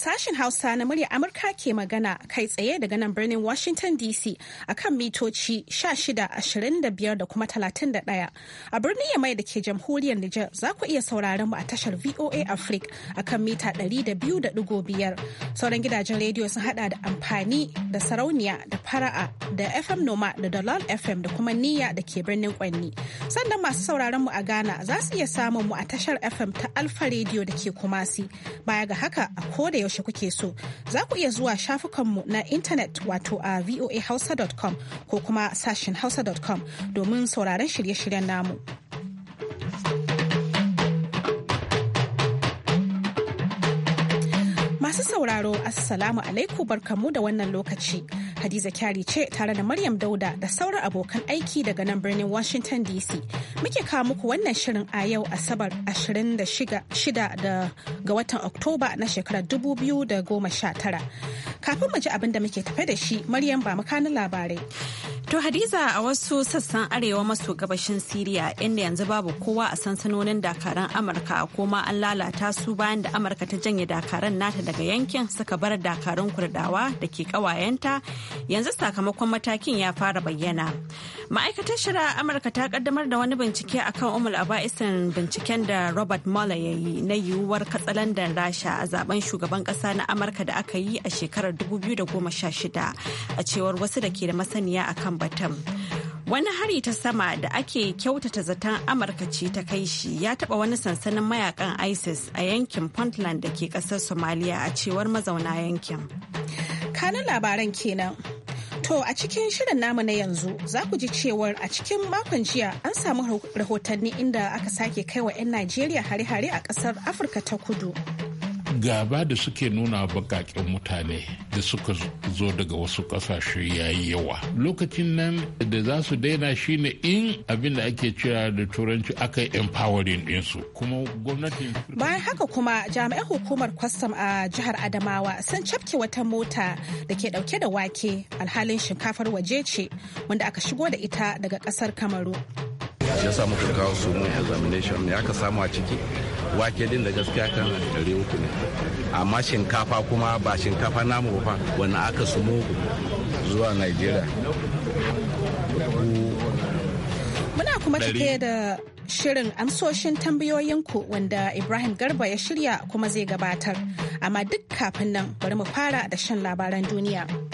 Sashen Hausa na murya Amurka ke magana kai tsaye daga nan birnin Washington DC a kan mitoci 1625 da kuma 31. A birnin Yamai da ke jamhuriyar Nijar za ku iya sauraron mu a tashar VOA Africa a kan mita 200.5. Sauran gidajen rediyo sun hada da amfani da sarauniya da fara'a da FM Noma da Dalal FM da kuma Niyya da ke birnin Kwanni. Sannan masu sauraron mu a Ghana za su iya samun mu a tashar FM ta Alfa Radio da ke Kumasi. Baya ga haka a koda yaushe kuke so za ku iya zuwa shafukanmu na intanet wato a voahausa.com ko kuma sashen hausa.com domin sauraron shirye-shiryen namu. Masu sauraro, Assalamu alaikum barkamu da wannan lokaci. Hadiza Kyari ce tare da Maryam Dauda da sauran abokan aiki daga nan birnin Washington DC. Muke kawo muku wannan shirin a yau Asabar 26 ga watan Oktoba na shekarar 2019. Kafin mu ji abin da muke tafe da shi, Maryam ba makanin labarai. To Hadiza a wasu sassan arewa maso gabashin Siriya inda yanzu babu kowa a sansanonin dakaran Amurka koma an lalata su bayan da Amurka ta janye dakaran nata daga yankin suka bar dakarun kurdawa da ke kawayenta yanzu sakamakon matakin ya fara bayyana. Ma'aikatar shari'a Amurka ta kaddamar da wani bincike akan Umul Aba'isin binciken da Robert Mueller ya yi na yiwuwar katsalandan Rasha a zaben shugaban kasa na Amurka da aka yi a shekarar 2016 a cewar wasu da ke da masaniya akan batun. Wani hari ta sama da ake kyautata zaton Amurka ce ta kai shi ya taɓa wani sansanin mayakan ISIS a yankin Puntland da ke ƙasar Somalia a cewar mazauna yankin. Kanan labaran kenan. To a cikin shirin namu na yanzu za ku ji cewar a cikin makon jiya an samu rahotanni inda aka sake kai wa 'yan Najeriya hare-hare a kasar Afirka ta kudu. gaba da suke nuna baƙaƙen mutane da suka zo daga wasu ƙasashe yayi yawa lokacin nan da za su daina shine in abin da ake cewa da turanci aka empowering ɗinsu kuma gwamnati bayan haka kuma jami'an hukumar kwastam a jihar adamawa sun cafke wata mota da ke dauke da wake alhalin shinkafar waje ce wanda aka shigo da ita daga kasar kamaru ya samu kawo su mu examination ya ka samu a ciki wake din da gaskiya kan ɗari uku ne amma shinkafa kuma ba shinkafa namu ba wani aka sumo zuwa nigeria muna kuma cike da shirin amsoshin tambayoyinku wanda ibrahim garba ya shirya kuma zai gabatar amma duk kafin nan bari mu fara da shan labaran duniya.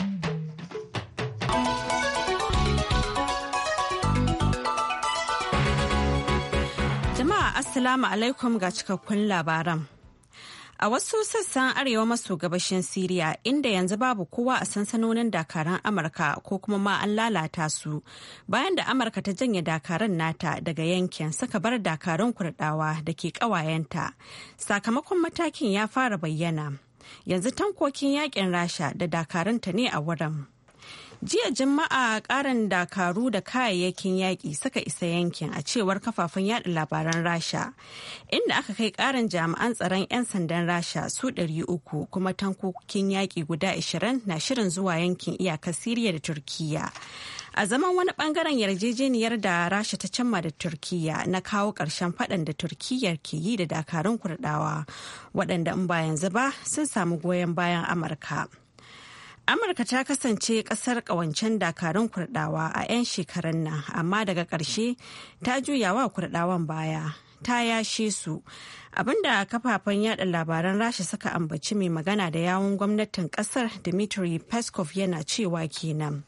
Assalamu alaikum ga cikakkun labaran. A wasu sassan arewa maso gabashin Siriya inda yanzu babu kowa a sansanonin dakaran Amurka ko kuma ma an lalata su bayan da Amurka ta janye dakaran nata daga yankin suka bar dakarun kurdawa da ke kawayenta. Sakamakon matakin ya fara bayyana. Yanzu tankokin yakin Rasha da dakaranta ne a wurin. jiya jama'a karin dakaru da kayayyakin yaƙi suka isa yankin a cewar kafafen yada labaran rasha inda aka kai karin jami'an tsaron 'yan sandan rasha su 300 kuma tankokin yaƙi guda 20 na shirin zuwa yankin iyakar siriya da turkiya a zaman wani bangaren yarjejeniyar da rasha ta cimma da turkiya na kawo ƙarshen faɗan da turkiyya ke yi da dakarun kurdawa waɗanda in ba yanzu ba sun samu goyon bayan amurka. Amurka ta kasance kasar kawancen dakarun kurdawa a 'yan shekarun nan amma daga ƙarshe ta juya wa kurdawan baya ta yashe su abinda kafafen yada labaran rasha suka ambaci mai magana da yawun gwamnatin kasar dmitry peskov yana cewa kenan.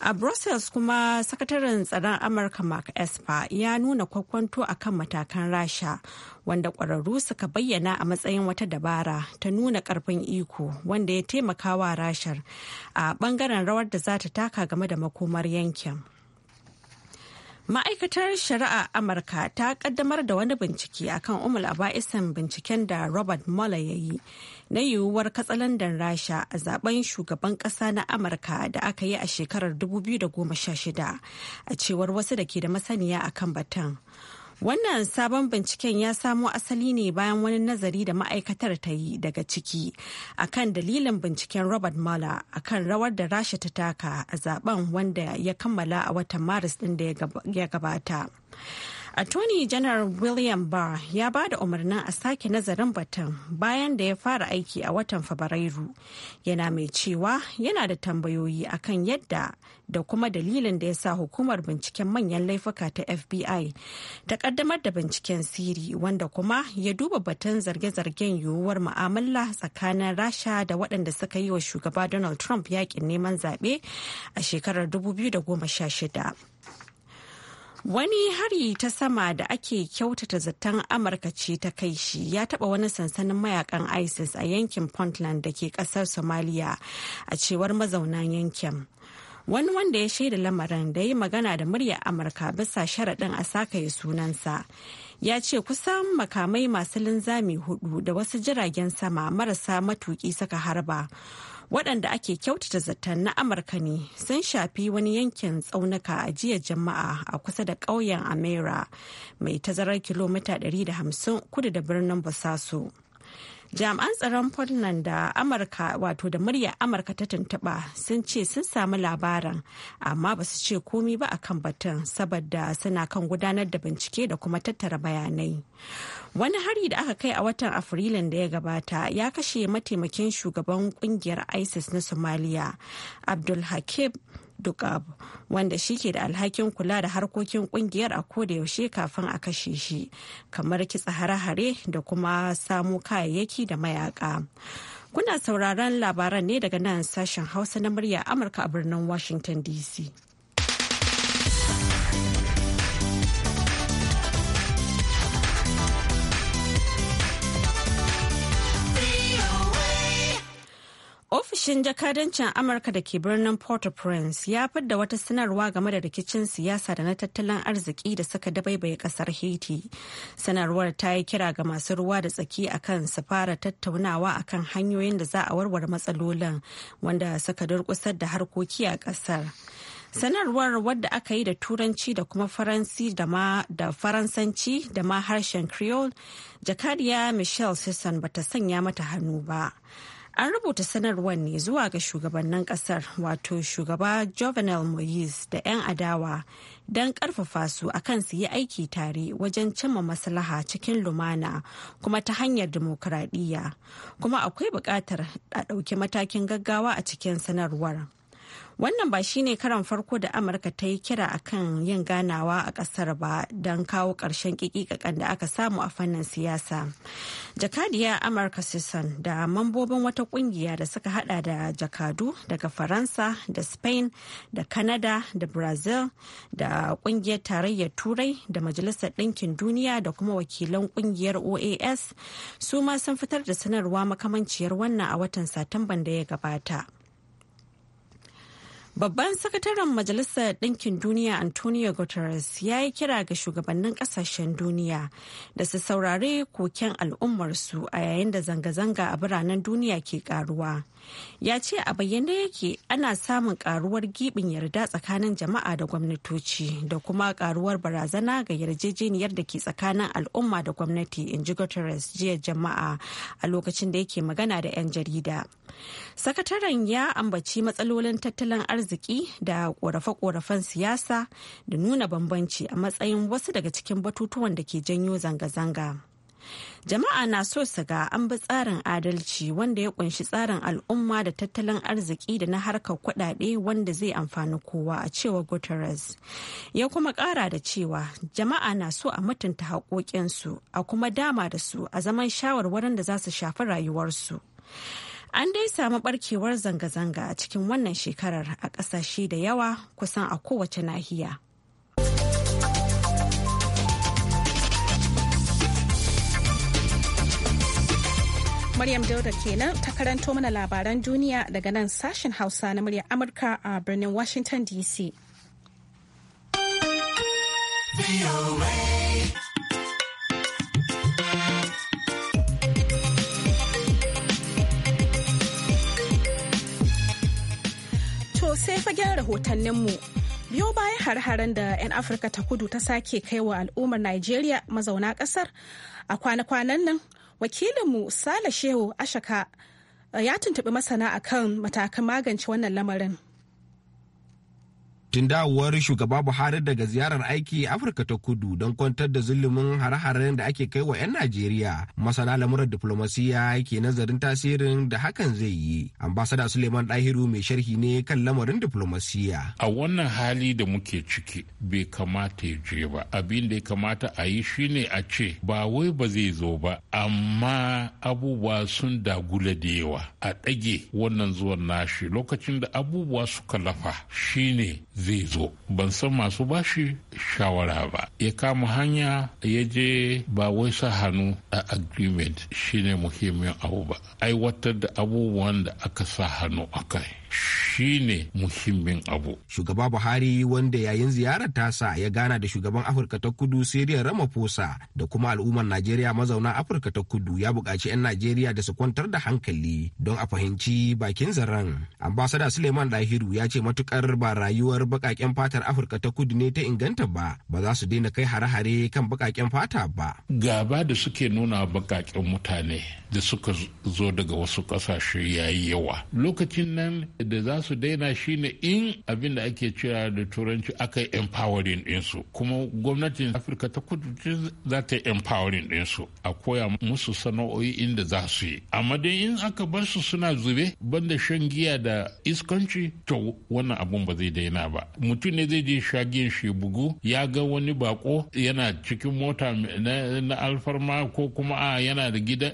A Brussels kuma sakataren tsaron Amurka Mark Esper ya nuna kwakwanto a kan matakan Rasha wanda ƙwararru suka bayyana a matsayin wata dabara ta nuna ƙarfin iko wanda ya taimaka wa Rashar a bangaren rawar da za ta taka game da makomar yankin. Ma'aikatar Shari'a Amurka ta ƙaddamar da wani bincike akan Umul Aba'isan binciken da Robert Mueller ya yi. na yiwuwar katsalandan rasha a zaben shugaban kasa na amurka da aka yi a shekarar 2016 a cewar wasu da ke da masaniya a kan batun wannan sabon binciken ya samo asali ne bayan wani nazari da ma'aikatar ta yi daga ciki akan dalilin binciken robert mueller akan rawar da rasha ta taka a zaben wanda ya kammala a watan maris din da ya gabata attorney general william barr ya ba da umarnin a sake nazarin batun bayan da ya fara aiki a watan fabrairu yana mai cewa yana da tambayoyi akan yadda da kuma dalilin da ya sa hukumar binciken manyan laifuka ta fbi ta kaddamar da binciken siri wanda kuma ya duba batun zarge-zargen yiwuwar mu'amala tsakanin rasha da waɗanda suka yi wa shugaba donald trump yakin neman zaɓe a shekarar 2016 Wani hari ta sama da ake kyautata zaton Amurka ce ta kai shi ya taba wani sansanin mayakan ISIS a yankin Puntland da ke kasar Somalia a cewar mazaunan yankin. Wani wanda ya shaida lamarin da ya yi magana da muryar Amurka bisa sharaɗin a sakaye sunansa. Ya ce kusan makamai masu linzami hudu da wasu jiragen sama marasa matuki suka harba. waɗanda ake kyautata zaton na amurka ne sun shafi wani yankin tsaunuka a jiya jama'a a kusa da ƙauyen amera mai tazarar kilomita 150 kudu da birnin busasu. jami'an tsaron Portland da amurka wato da muryar amurka ta tuntuɓa sun ce sun samu labarin amma ba su ce komi ba akan batun saboda suna kan gudanar da bincike da kuma tattara bayanai wani hari da aka kai a watan afrilun da ya gabata ya kashe mataimakin shugaban kungiyar isis na somalia abdul hakim abu wanda shi ke da alhakin kula da harkokin kungiyar a koda yaushe kafin a kashe shi kamar kitsa hare-hare da kuma samu kayayyaki da mayaka. Kuna sauraron labaran ne daga nan sashen Hausa na murya Amurka a birnin Washington DC. Ofishin jakadancin Amurka da ke birnin Port-au-Prince ya fidda wata sanarwa game da rikicin siyasa da na tattalin arziki da suka dabaibaye kasar Haiti. Sanarwar ta yi kira ga masu ruwa da tsaki akan su fara tattaunawa akan hanyoyin da za a warware matsalolin wanda suka durkusar da harkoki a kasar. sanarwar wadda aka yi da turanci da kuma faransi da faransanci da ma harshen creole jakadiya michelle sisson bata sanya mata hannu ba An rubuta sanarwar ne zuwa ga shugabannin kasar wato shugaba Jovenel Moise da 'yan adawa don karfafa su akan su yi aiki tare wajen cimma maslaha cikin lumana kuma ta hanyar dimokuraɗiyya kuma akwai buƙatar a ɗauki matakin gaggawa a cikin sanarwar. Wannan ba shine karan farko da Amurka ta yi kira a kan yin ganawa a ƙasar ba don kawo ƙarshen ƙiƙiƙaƙan da aka samu a fannin siyasa. Jakadiya Amurka Sisson da mambobin wata ƙungiya da suka hada da jakadu daga Faransa da Spain da Canada da Brazil da ƙungiyar tarayyar Turai da Majalisar Ɗinkin Duniya da kuma wakilan ƙungiyar OAS su ma sun fitar da sanarwa makamanciyar wannan a watan Satumban da ya gabata. Babban sakataren Majalisar Ɗinkin Duniya Antonio Guterres ya yi kira ga shugabannin ƙasashen duniya da su saurare koken al'ummarsu a yayin da zanga-zanga a biranen duniya ke karuwa. Ya ce a bayyane yake ana samun karuwar gibin yarda tsakanin jama'a da gwamnatoci da kuma karuwar barazana ga yarjejeniyar da ke tsakanin al'umma da gwamnati in ji Guterres jiya jama'a a lokacin da yake magana da 'yan jarida. sakataren ya ambaci matsalolin tattalin arziki da ƙorafe-ƙorafen siyasa da nuna bambanci a matsayin wasu daga cikin batutuwan da ke janyo zanga-zanga jama'a na so su ga an bi tsarin adalci wanda ya kunshi tsarin al'umma da tattalin arziki da na harkar kuɗaɗe wanda zai amfani kowa a cewa guterres ya kuma ƙara da cewa jama'a na so a mutunta haƙoƙinsu a kuma dama da su a zaman shawarwarin da za su shafi rayuwarsu An dai samu barkewar zanga-zanga a cikin wannan shekarar a ƙasashe da yawa kusan a kowace nahiya. Maryam Dauda kenan ta karanto mana labaran duniya daga nan sashen Hausa na muryar Amurka a birnin Washington DC. To sai fagen rahotanninmu. Biyo bayan har-haren da 'yan Afirka ta kudu ta sake kai wa al'ummar Najeriya mazauna ƙasar a kwana-kwanan nan wakilinmu Sale Shehu Ashaka eh, ya tuntuɓi masana akan matakan magance wannan lamarin. Tun dawowar shugaba Buhari daga ziyarar aiki Afirka ta kudu don kwantar da zulumin hare-haren da ake kai wa 'yan Najeriya, masana lamuran diplomasiya ke nazarin tasirin da hakan zai yi. Ambasada Suleiman Dahiru mai sharhi ne kan lamarin diplomasiya. A wannan hali da muke ciki bai kamata ya je ba. Abin da ya kamata a yi shine a ce ba wai ba zai zo ba, amma abubuwa sun dagula da yawa. A ɗage wannan zuwan nashi lokacin da abubuwa suka lafa shine zai zo ban san masu bashi shawara ba ya kama hanya ya je ba wai sa hannu a agreement shine muhimmin abu ba aiwatar da abubuwan da aka sa hannu a kai shine muhimmin abu. Shugaba Buhari wanda yayin ziyarar tasa ya gana da shugaban Afirka ta Kudu Siriyar Ramaphosa da kuma al'ummar Najeriya mazauna Afirka ta Kudu ya buƙaci 'yan Najeriya da su kwantar da hankali don a fahimci bakin zaren. Ambasada Suleiman Dahiru ya ce matukar ba rayuwar baƙaƙen fatar Afirka ta Kudu ne ta inganta ba, ba za su daina kai hare-hare kan baƙaƙen fata ba. Gaba da suke nuna baƙaƙen mutane da suka zo daga wasu ƙasashe yayi yawa. Lokacin nan da za su daina shine in abin da ake cewa da turanci aka yi empowering ɗinsu kuma gwamnatin afirka ta kudu za ta yi empowering ɗinsu a koya musu sana'o'i inda za su yi amma dai in aka bar su suna zube banda shan giya da iskanci to wannan abun ba zai daina ba mutum ne zai je shagiyan shi bugu ya ga wani bako yana cikin mota na alfarma ko kuma a yana da gida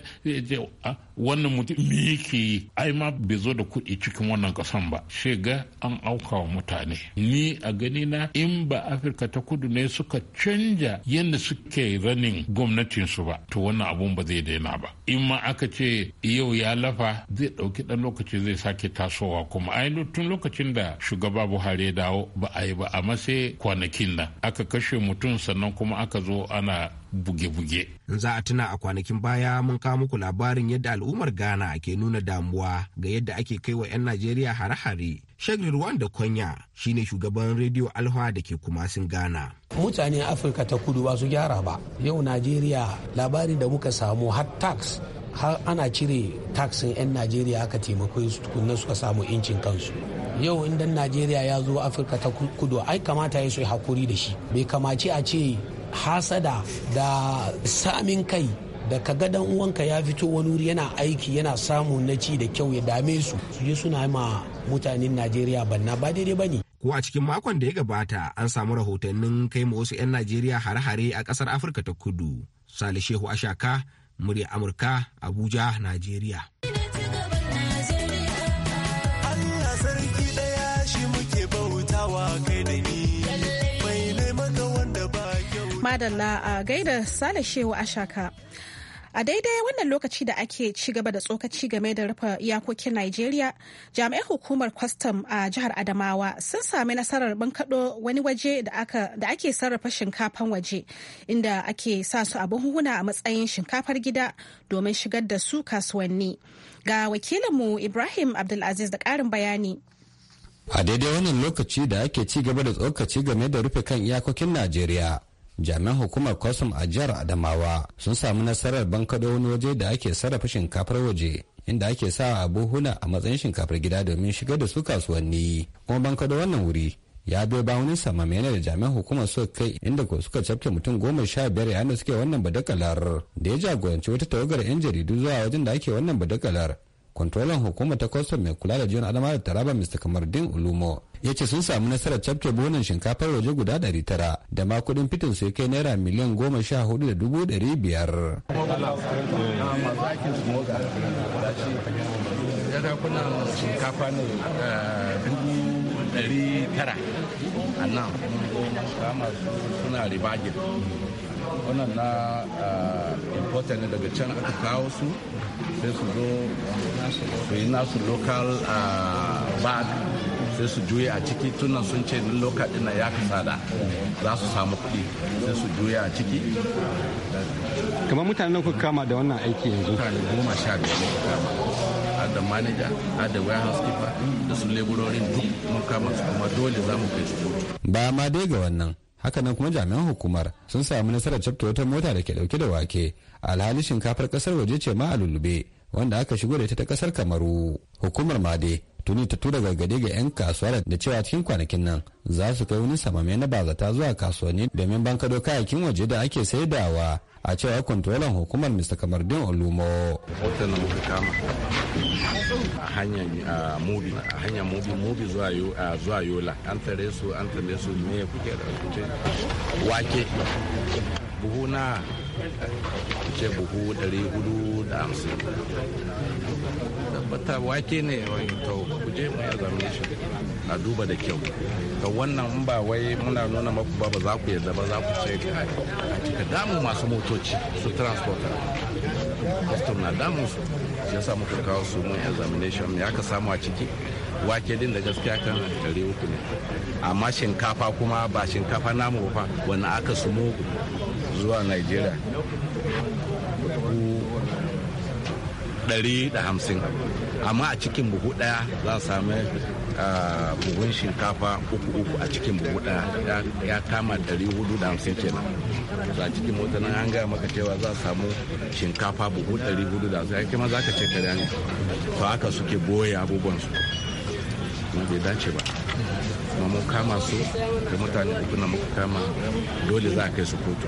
ah, wannan mutum me yake yi ai ma bai zo da kuɗi cikin wannan kasan ba shiga an auka wa mutane ni a gani na in ba afirka ta kudu ne suka canja yadda suke ranin su ba to wannan abun ba zai daina ba in ma aka ce yau ya lafa zai ɗauki ɗan lokaci zai sake tasowa kuma a tun lokacin da shugaba buhari ya dawo ba a yi ba amma sai kwanakin nan aka kashe mutum sannan kuma aka zo ana buge-buge. in Za a tuna a kwanakin baya mun kawo muku labarin yadda al'ummar Ghana ke nuna damuwa ga yadda ake kai wa 'yan Najeriya hare-hare Sheikh da kwanya shine shugaban rediyo Alfa da ke kumasin gana Mutane Afirka ta kudu ba su gyara ba. Yau Najeriya labari da muka samu har tax har ana cire taxin 'yan Najeriya aka taimako su tukunan suka samu incin kansu. Yau inda Najeriya ya zo Afirka ta kudu ai kamata ya yi hakuri da shi. Bai kamaci a ce hasada da samin kai da ka ga dan uwanka ya fito wani wuri yana aiki yana samu na ci da kyau ya dame su su je suna ma mutanen Najeriya banna ba daidai bane ko a cikin makon da ya gabata an samu rahotannin kai ma wasu 'yan Najeriya har hare a kasar Afirka ta Kudu Sale Shehu Ashaka murya Amurka Abuja Najeriya Madalla a gaida Sale Shehu Ashaka A daidai wannan lokaci da ake ci gaba da tsokaci game da rufe iyakokin Najeriya, jami'an hukumar kwastam a jihar Adamawa sun sami nasarar bankaɗo wani waje da ake sarrafa shinkafan waje, inda ake sa su a buhuhuna a matsayin shinkafar gida domin shigar da su kasuwanni. Ga wakilinmu Ibrahim Abdulaziz da ƙarin bayani. A daidai wannan lokaci da ake ci gaba da tsokaci game da rufe kan iyakokin Najeriya. jami'an hukumar kwasum a jihar adamawa sun samu nasarar bankado wani waje da ake sarrafa shinkafar waje inda ake sa a buhuna a matsayin shinkafar gida domin shigar da su kasuwanni kuma bankado wannan wuri ya bai ba wani samame da jami'an hukumar suka kai inda ko suka cafke mutum goma sha biyar yayin da suke wannan badakalar da ya jagoranci wata tawagar yan jaridu zuwa wajen da ake wannan badakalar kwantolan hukumar ta kwastam mai kula da jiyon adama da taraba mr kamardin ulumo ya ce sun samu nasarar cafke bonan shinkafar waje guda 900 da makudin fitin su ya kai naira miliyan 14,500 sha hudu shinkafa ne eh, dubu ɗari tara a nan kama suna ribagin wannan na eh, importer ne daga can aka kawo su sai su zo su yi nasu local eh, bag sai su juya a ciki tunan sun ce ni loka ɗin ya fi tsada za su samu kuɗi sai su juya a ciki kamar mutane na kuka kama da wannan aiki yanzu mutane goma sha biyar kuka kama da manaja da warehouse keeper da su leburorin duk mun kama su kuma dole za mu kai su ba ma dai ga wannan hakanan kuma jami'an hukumar sun samu nasarar cafta wata mota da ke dauke da wake alhali shinkafar kasar waje ce ma a lulube wanda aka shigo da ita ta kasar kamaru hukumar ma dai tuni ta tura gargaɗi ga 'yan kasuwa da cewa cikin kwanakin nan za su kai wani samame na bazata zuwa kasuwanni domin bankado kayayyakin waje da ake saidawa a cewa kwantolan hukumar mr kamardin olumo muka kama a hanyar a hanyar mobi zuwa yola an tare su an tare su me kuke da wake buhu na ce buhu 450 tabbata wake ne to ku je mu examination a duba da kyau to wannan in ba wai muna nuna maku ba ba za ku yadda ba za ku ce ka damu masu motoci su transporter custom na damu su ya yasa muka kawo su mun examination ya ka samu a ciki wake din da gaskiya kan tare uku ne amma shinkafa kuma ba shinkafa namu ba wani aka su mugu zuwa nigeria buhu hamsin amma a cikin buhu daya za a sami buhun shinkafa uku uku a cikin buhu daya ya kama 450 kenan a cikin mota nan an gaya maka cewa za a samu shinkafa buhu 450 ya kima za ka ce kare ne to haka suke boye abubuwan su bai dace ba kuma mun kama su da mutane uku na muka kama dole za a kai su kotu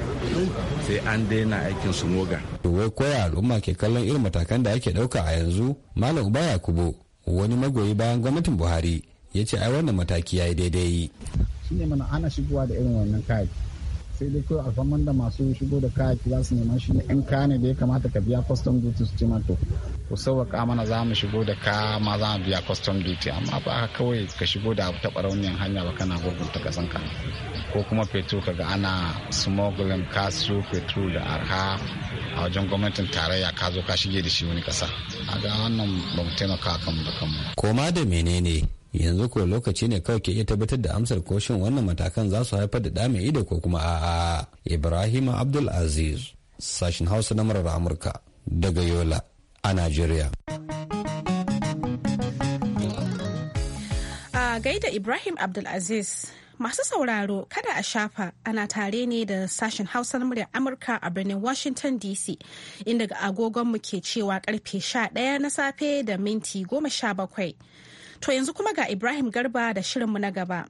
sai an daina aikin su moga. to wai koya al'umma ke kallon irin matakan da ake dauka a yanzu malam uba yakubu wani magoyi bayan gwamnatin buhari ya ce ai wannan mataki ya yi daidai. shine mana ana shigowa da irin wannan kayayyaki sai dai kawai alfaman da masu shigo da kayaki za su nema shi ne in ka ne da ya kamata ka biya custom duty su cima to ku sauwaƙa mana za mu shigo da kaya ma za mu biya custom duty amma ba haka kawai ka shigo da abu ta barauniyan hanya ba kana gurgunta kasan ka ko kuma fetur kaga ana smuggling kasu siyo fetur da arha a wajen gwamnatin tarayya ka zo ka shige da shi wani kasa a ga wannan ba mu taimaka kanmu da kanmu koma da menene yanzu ko lokaci ne kawai ke iya tabbatar da amsar koshin wannan matakan za su haifar da ɗa ido ko kuma a'a ibrahim abdul aziz sashen hausa na marar amurka daga yola a nigeria. a gaida ibrahim abdulaziz masu sauraro kada a shafa ana tare ne da sashen hausa na muryar amurka a birnin washington dc inda ga agogonmu ke cewa karfe 11 na safe da minti 17 To yanzu kuma ga Ibrahim Garba da shirinmu na gaba.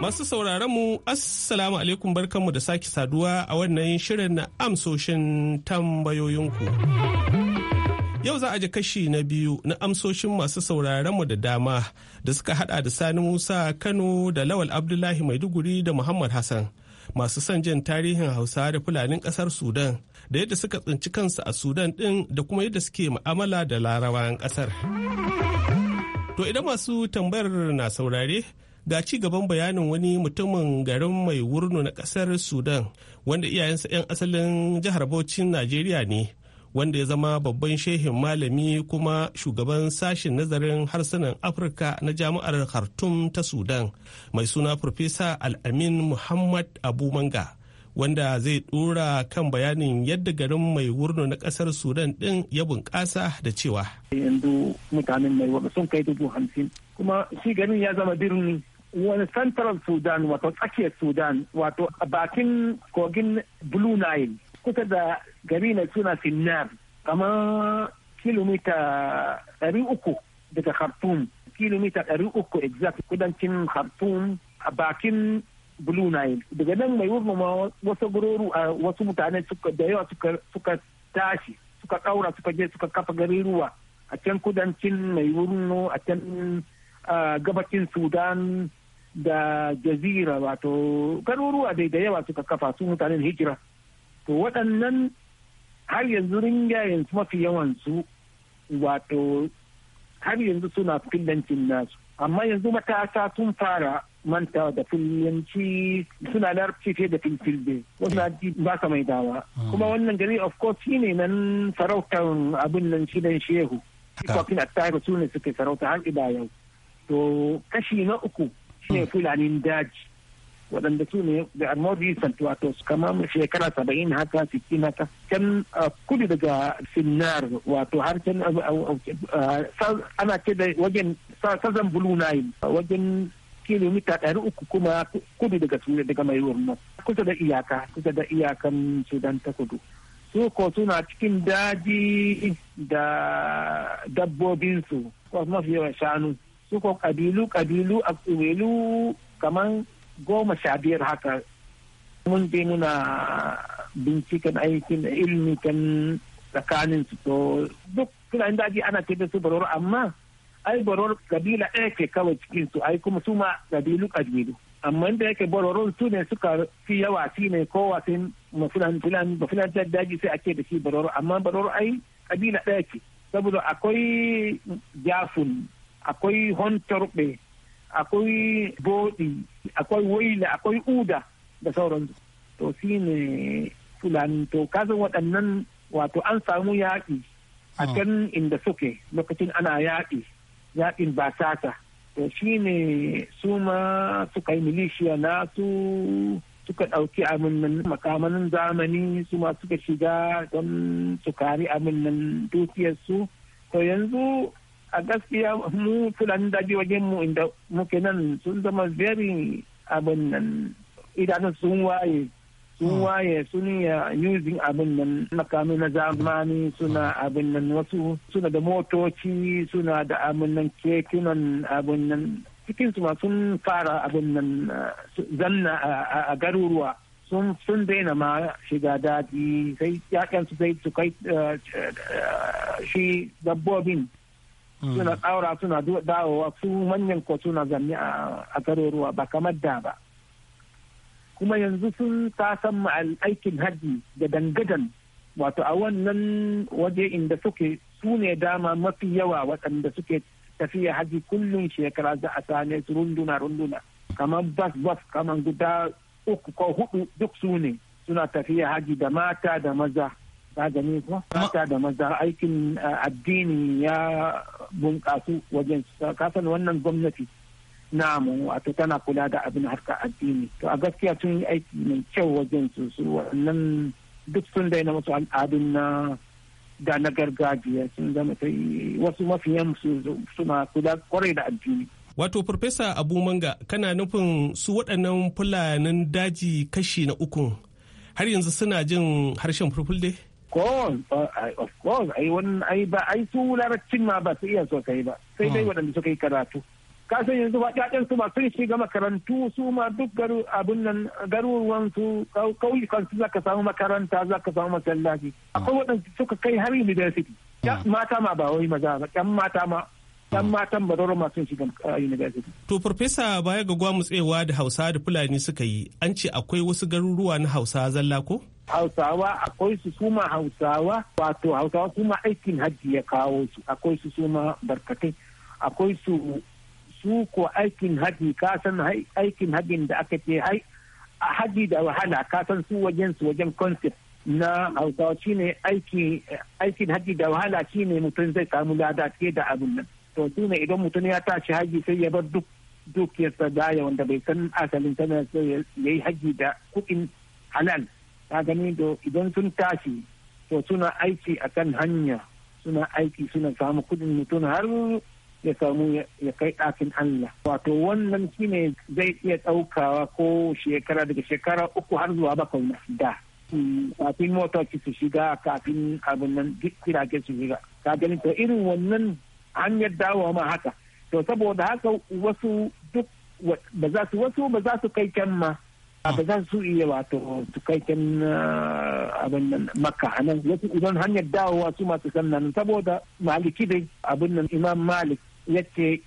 Masu sauraronmu mu Assalamu alaikum barkanmu da sake saduwa a wannan shirin na amsoshin tambayoyinku. Yau za a ji kashi na biyu na amsoshin masu sauraronmu da dama da suka hada da Sani Musa Kano da Lawal Abdullahi Maiduguri da Muhammad Hassan. masu son jin tarihin hausa da fulanin kasar sudan da yadda suka tsinci kansu a sudan din da kuma yadda suke mu'amala da larabawan kasar to idan masu tambayar na saurare ga ci gaban bayanin wani mutumin garin mai wurno na kasar sudan wanda iyayensa 'yan asalin jihar Bauchin najeriya ne wanda ya zama babban shehin malami kuma shugaban sashen nazarin harsunan afirka na jami'ar khartoum ta sudan mai suna profesa al'amin muhammad abu manga wanda zai dora kan bayanin yadda garin mai wurno na kasar sudan din ya bunƙasa da cewa shi garin ya zama birni wani central sudan wato tsakiyar sudan wato a bakin kogin blue nile kusa da gari na suna sinar kama kilomita ɗari uku daga khartoum kilomita ɗari uku exact kudancin khartoum a bakin blue nile daga nan mai ma wasu guroru a wasu mutane da yawa suka tashi suka ɗaura suka je suka kafa garuruwa a can kudancin mai wurin a can gabacin sudan da jazira wato garuruwa dai da yawa suka kafa su mutanen hijira to waɗannan har yanzu ringayen mafi yawansu wato har yanzu suna fillancin nasu amma yanzu matasa sun fara manta da fillanci suna larabci fiye da filfilde wasu ji eh. ba sa mai dawa ah. kuma wannan gari of course shi ne nan sarautar abin nan shi dan shehu ikwafin attaiba su ne suke sarauta har ida yau to kashi na uku shi ne hmm. fulanin daji waɗanda su ne da are more recent wato kamar shekara saba'in haka sittin haka can kudu daga sinnar wato har can ana ce da wajen sazan blue nile wajen kilomita ɗari uku kuma kudu daga daga mai wurin kusa da iyaka kusa da iyakan sudan ta kudu su ko suna cikin daji da dabbobinsu ko mafi yawan shanu su ko kabilu kabilu a kamar goma sha biyar haka mun bi nuna binciken aikin ilmi kan tsakanin su to duk fulani daji ana ce da su baror amma ai baror kabila ɗaya eh, ke kawai cikin su ai kuma su ma kabilu kabilu amma inda yake baroron su ne suka fi yawa shi ne kowa sai mafulan filan mafulan daji sai ake da shi baroro amma baroro ai kabila ɗaya eh, ce saboda akwai jafun akwai hontarɓe eh. akwai bodi akwai waila akwai uda da sauransu to shi ne fulani to kasan waɗannan wato an samu yaƙi a hmm. can inda suke lokacin ana yaƙi yaƙin basasa to shi ne su ma suka yi milishiya na su suka ɗauki aminan makaman zamani su ma suka shiga don su kari aminan dukiyarsu to yanzu a gaskiya mu fulani daji wajen mu inda muke nan sun zama very abin nan idanun sun waye sun hmm. waye sun ya using abin nan makami na zamani suna hmm. abin nan wasu suna da motoci suna da abin nan kekunan abin nan cikin su sun fara abin nan zanna a garuruwa sun sun daina ma shiga daji sai yakan su sai su kai eh, eh, shi dabbobin Mm. suna tsaura suna dawowa su manyan ko suna zanne a ruwa ba kamar da ba kuma yanzu sun tasan aikin hajji da dangadan wato a wannan waje inda suke su ne dama mafi yawa waɗanda suke tafiya haji kullum shekara za a sane su runduna runduna kamar bas bas kamar guda uku ko hudu duk su ne suna tafiya haji da mata da maza ka gani ko mata da maza aikin eh, addini ya bunƙasu wajen kasan wannan gwamnati na wato tana kula da abin harka addini to a gaskiya sun yi aiki mai kyau wajen su su wannan duk sun daina wasu al'adun na da na gargajiya sun zama sai wasu mafiyan su suna kula kwarai da addini Wato, Farfesa Abu Manga, kana nufin su waɗannan fulanin daji kashi na uku har yanzu suna jin harshen fulfulde? course uh, of course ai ba su larabcin ma ba su iya kai ba sai dai waɗanda suka yi karatu ka san yanzu ba ƴaƴan su ba sun shiga makarantu su ma duk garu abin nan garuruwan su kauyukan su zaka samu makaranta zaka samu masallaci hmm. akwai waɗanda suka kai har university hmm. mata ma ba wai maza ba ƴan mata ma dan hmm. matan ma sun shiga uh, university. To farfesa baya ga gwamutsewa da Hausa da Fulani suka yi, an ce akwai wasu garuruwa na Hausa zalla ko? hausawa akwai su suma hausawa wato hausawa kuma aikin hajji ya kawo su akwai su suma barkatai akwai su su ko aikin hajji ka san aikin hajjin da aka ce hajji da wahala ka san su wajen su wajen concept na hausawa shine aikin hajji da wahala shine mutum zai samu lada ke da abin nan to su ne idan mutum ya tashi hajji sai ya bar duk dukiyarsa daya wanda bai san asalin sana sai ya yi hajji da kuɗin halal ka gani da idan sun tashi to suna aiki akan hanya suna aiki suna samu kudin mutum har ya samu ya kai ɗakin Allah. Wato wannan shi ne zai iya ɗaukawa ko shekara daga shekara uku har zuwa bakwai na da. Kafin motoci su shiga kafin abin nan kirage su shiga. Ka gani to irin wannan hanyar dawowa ma haka. To saboda haka wasu duk ba za su wasu ba za su kai kyan ma Ah, ba za su iya wato su kai kan ah, abin nan makka a nan wasu idan hanyar dawowa su masu sannan saboda maliki dai abin nan imam malik yake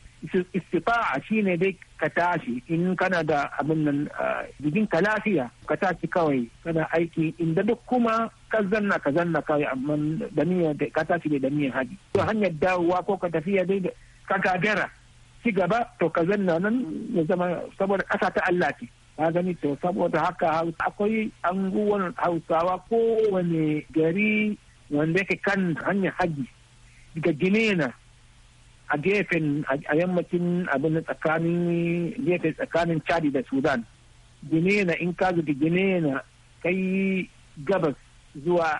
istifa'a shine dai ka tashi in kana da abin nan ah, jikin ka lafiya ka tashi kawai kana aiki inda duk kuma ka zanna ka zanna kawai amma da niyyar ka tashi da niyyar haji to hanyar dawowa ko ka tafiya dai ka gagara ci gaba to ka zanna nan ya zama saboda ƙasa ta Allah ce na gani to saboda haka akwai anguwan hausawa kowane gari wanda yake kan hanyar haji daga ginena a gefen a yammacin abin da tsakanin gefen tsakanin chadi da sudan ginena in ka zuga ginena kai gabas zuwa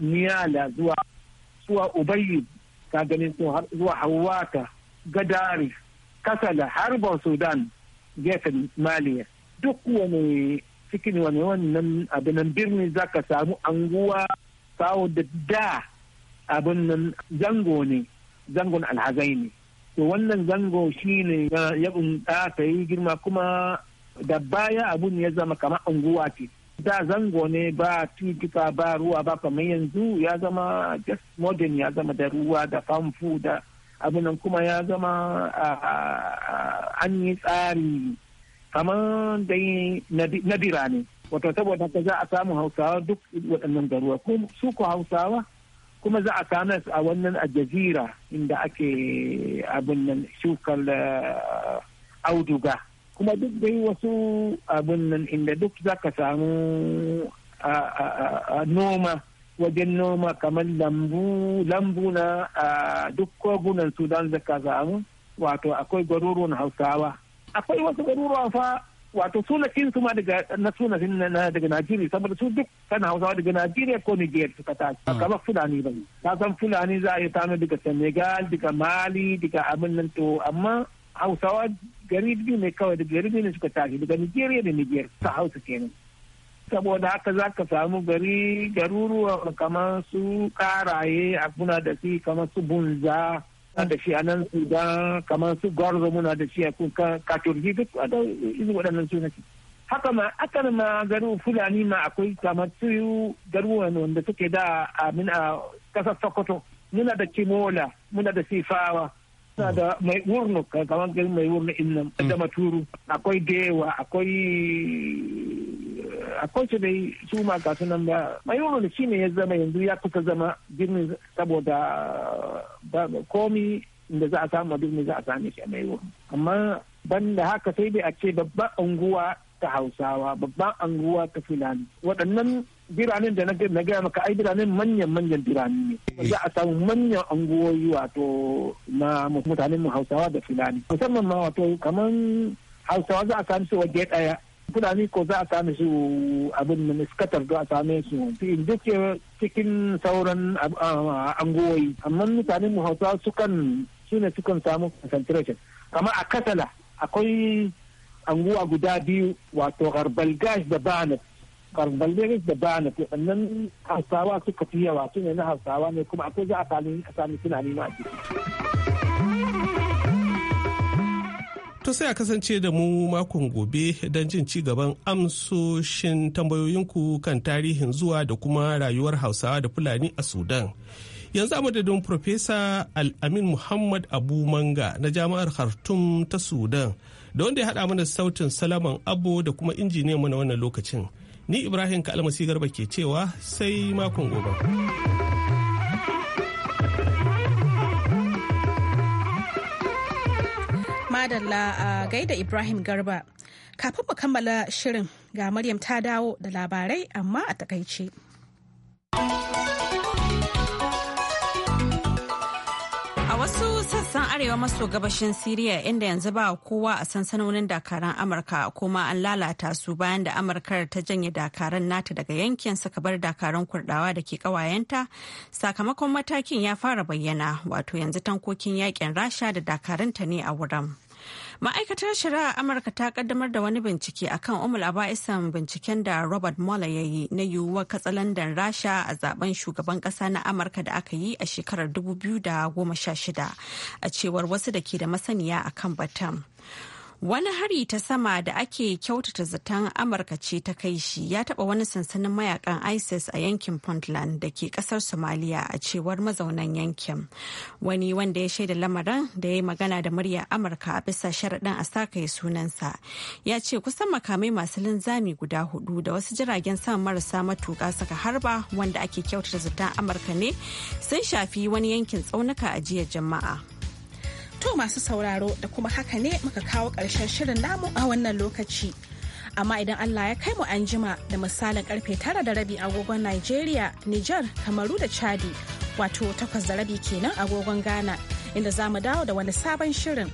niyala zuwa zuwa ubayi ka ganin zuwa hawata gadari kasala har sudan gefen maliya duk wani cikin wani wannan abinan birni za ka samu anguwa kawo da da abin nan zango ne zangon alhazai ne to wannan zango shi ne ya bunta ta yi girma kuma da baya abun ya zama kamar anguwa ce da zango ne ba titika ba ruwa ba kamar yanzu ya zama just modern ya zama da ruwa da famfu da nan kuma ya zama an yi tsari kamar dai na birane wato saboda ka za a samu hausawa duk waɗannan garuwa su ku hausawa kuma za a same a wannan a jazira inda ake abin nan shukar eh, auduga kuma duk dai wasu abin nan inda duk za ka samu noma wajen noma kamar lambu lambu na duk kogunan sudan zaka samu wato akwai garuruwan hausawa akwai wasu garuruwa fa wato sunakin su ma daga na sunakin na daga Najeriya saboda su duk kana Hausawa daga Najeriya ko Niger suka tashi ba ah. kamar Fulani ba ne ta san Fulani za a yi tano daga Senegal daga Mali daga abin nan to amma Hausawa gari biyu ne kawai daga gari biyu ne suka tashi daga Nigeria da Niger ta Hausa kenan saboda haka za ka samu gari garuruwa kamar su karaye a kuna da shi kamar su bunza da shi a nan sudan kamar su gwarzo muna da shi a katurgi duk da izu waɗannan suna nake haka ma akan ma garu fulani ma akwai kamar su garuruwan wanda suke da a kasar sokoto muna da kimola muna da sifawa suna da mai urnu kamar gari mai urnu in nan mm. da maturu akwai dewa akwai akwai su dai su ma ga sunan da mai urnu shi ne ya zama yanzu ya kusa zama birnin saboda komi da za a samu birnin za a sami shi a mai urnu amma ban da haka sai dai a ce babban unguwa ta hausawa babban anguwa ta fulani waɗannan biranen da na gaya maka ai biranen manyan manyan birane ne eh. za a samu manyan anguwoyi wato na mutanen hausawa da fulani musamman ma wato kamar hausawa za a samu su waje daya fulani ko za a sami su abin da miskatar a same su duke cikin sauran anguwoyi amma mutanen mu hausa sukan su ne sukan samu concentration kamar a kasala akwai anguwa guda biyu wato garbalgash da banat balderis da ba na bayanat waɗannan hausawa suka fi yawa su ne na hausawa ne kuma akwai za a sami suna nema a ciki. To sai a kasance da mu makon gobe don jin ci gaban amsoshin tambayoyinku kan tarihin zuwa da kuma rayuwar hausawa da fulani a Sudan. yanzu a madadin Profesa Al-Amin Muhammad Abu Manga na Jami'ar Khartoum ta Sudan da wanda ya haɗa mana sautin Salaman abu da kuma injiniyanmu na wannan lokacin. Ni Ibrahim Kalmasi Garba ke cewa sai makon gobe. Madalla a gaida Ibrahim Garba. Kafin mu kammala shirin ga Maryam ta dawo da labarai amma a takaice. sassan arewa maso gabashin Siriya inda yanzu ba kowa a sansanonin dakaran Amurka kuma an lalata su bayan da Amurkar ta janye dakaran nata daga yankin suka bar dakaran kurdawa da ke kawayenta sakamakon matakin ya fara bayyana wato yanzu tankokin yakin Rasha da dakaranta ne a wurin. Ma'aikatar shari'a Amurka ta kaddamar da wani bincike akan Umul Aba'isan binciken da Robert Mueller ya yi na yiwuwar katsalandan Rasha a zaben shugaban kasa na Amurka da aka yi a shekarar 2016 a cewar wasu da ke da masaniya akan batun. Wani hari ta sama da ake kyautata zaton Amurka ce ta kai shi ya taba wani sansanin mayakan ISIS a yankin Puntland da ke ƙasar Somalia a cewar mazaunan yankin. Wani wanda ya shaida lamarin da ya yi magana da muryar Amurka a bisa sharaɗin a kai sunansa ya ce kusan makamai masu linzami guda hudu da wasu jiragen sama marasa matuka saka harba wanda ake kyautata zaton Amurka ne sun shafi wani yankin tsaunuka a jiya jama'a. To masu sauraro da kuma haka ne muka kawo ƙarshen shirin namu a wannan lokaci. Amma idan Allah ya kai mu an jima da misalin karfe tara da rabi agogon Nigeria, Nijar, Kamaru da Chadi, wato takwas da rabi kenan agogon Ghana, inda za mu dawo da wani sabon shirin.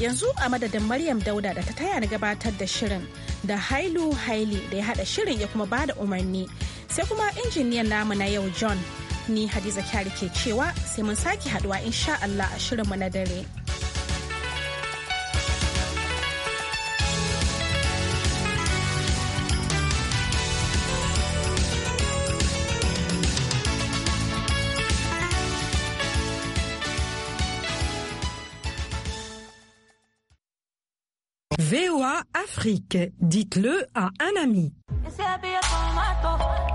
Yanzu a madadin Maryam Dauda da ta taya ni gabatar da shirin da Hailu Haili da ya haɗa shirin ya kuma bada umarni. Sai kuma injiniyan namu na yau John ni Hadiza Kyari ke cewa sai mun sake haɗuwa insha Allah a shirinmu na dare. Afrique. Dites-le à un ami.